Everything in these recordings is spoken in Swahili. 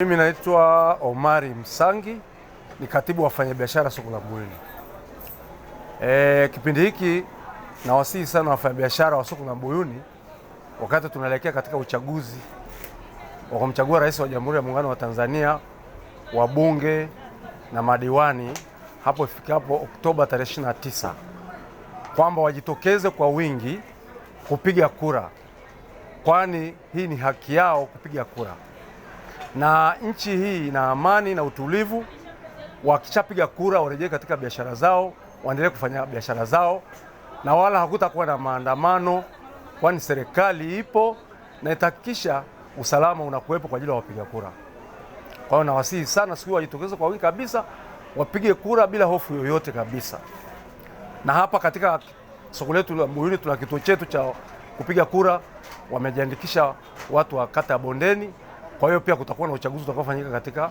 Mimi naitwa Omari Msangi ni katibu wa wafanyabiashara soko la Mbuyuni. E, kipindi hiki nawasihi sana wafanyabiashara wa soko la Mbuyuni wakati tunaelekea katika uchaguzi wa kumchagua rais wa Jamhuri ya Muungano wa Tanzania, wabunge na madiwani hapo ifikapo Oktoba tarehe 29 kwamba wajitokeze kwa wingi kupiga kura, kwani hii ni haki yao kupiga kura na nchi hii ina amani na utulivu. Wakishapiga kura warejee katika biashara zao, waendelee kufanya biashara zao, na wala hakutakuwa na maandamano, kwani serikali ipo na itahakikisha usalama unakuwepo kwa ajili ya wapiga kura. Kwa hiyo nawasihi sana, siku wajitokeze kwa wingi kabisa, wapige kura bila hofu yoyote kabisa. Na hapa katika soko letu la Mbuyuni tuna kituo chetu cha kupiga kura, wamejiandikisha watu wa kata ya Bondeni. Kwa hiyo pia kutakuwa na uchaguzi utakaofanyika katika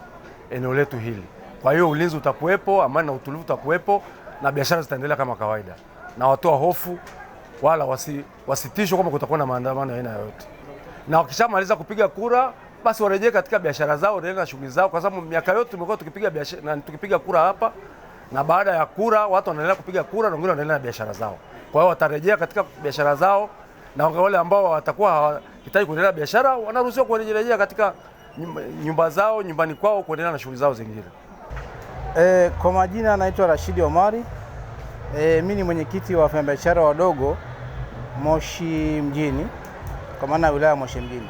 eneo letu hili. Kwa hiyo ulinzi utakuwepo, amani na utulivu utakuwepo, na biashara zitaendelea kama kawaida, na watoa hofu wala wasi, wasitishwe kwamba kutakuwa na maandamano ya aina yoyote, na wakishamaliza kupiga kura basi warejee katika biashara zao, na shughuli zao, kwa sababu miaka yote tumekuwa tukipiga biashara na tukipiga kura hapa, na baada ya kura watu wanaendelea kupiga kura na wengine wanaendelea na biashara zao. Kwa hiyo watarejea katika biashara zao, na wale ambao watakuwa hitaji kuendelea biashara, wanaruhusiwa kurejelea katika nyumba zao nyumbani kwao kuendelea na shughuli zao zingine. E, kwa majina anaitwa Rashidi Omari. E, mimi ni mwenyekiti wa wafanyabiashara wadogo Moshi mjini, kwa maana wilaya Moshi mjini.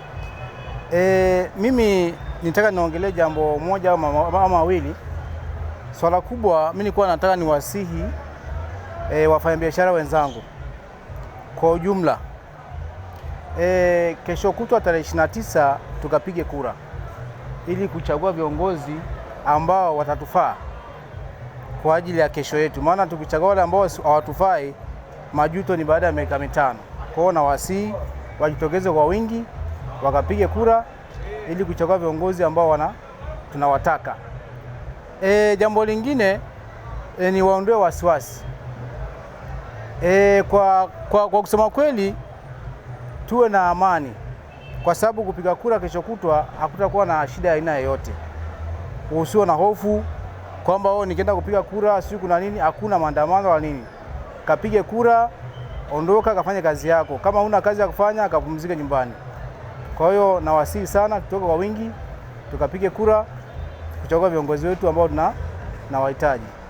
E, mimi nitaka niongelee jambo moja ama mawili. Swala kubwa mi nilikuwa nataka niwasihi e, wafanyabiashara wenzangu kwa ujumla e, kesho kutwa tarehe 29 tukapige kura ili kuchagua viongozi ambao watatufaa kwa ajili ya kesho yetu, maana tukichagua wale ambao hawatufai majuto ni baada ya miaka mitano. Kwa hiyo nawasihi wajitokeze kwa wingi wakapige kura ili kuchagua viongozi ambao wana tunawataka. E, jambo lingine e, ni waondoe wasiwasi e, kwa, kwa, kwa kusema kweli tuwe na amani, kwa sababu kupiga kura kesho kutwa hakutakuwa na shida ya aina yoyote. Usio na hofu kwamba wewe oh, nikienda kupiga kura siku kuna nini, hakuna maandamano wala nini. Kapige kura, ondoka, kafanye kazi yako. Kama una kazi ya kufanya, kapumzike nyumbani. Kwa hiyo nawasihi sana, tutoke kwa wingi tukapige kura kuchagua viongozi wetu ambao tuna na wahitaji.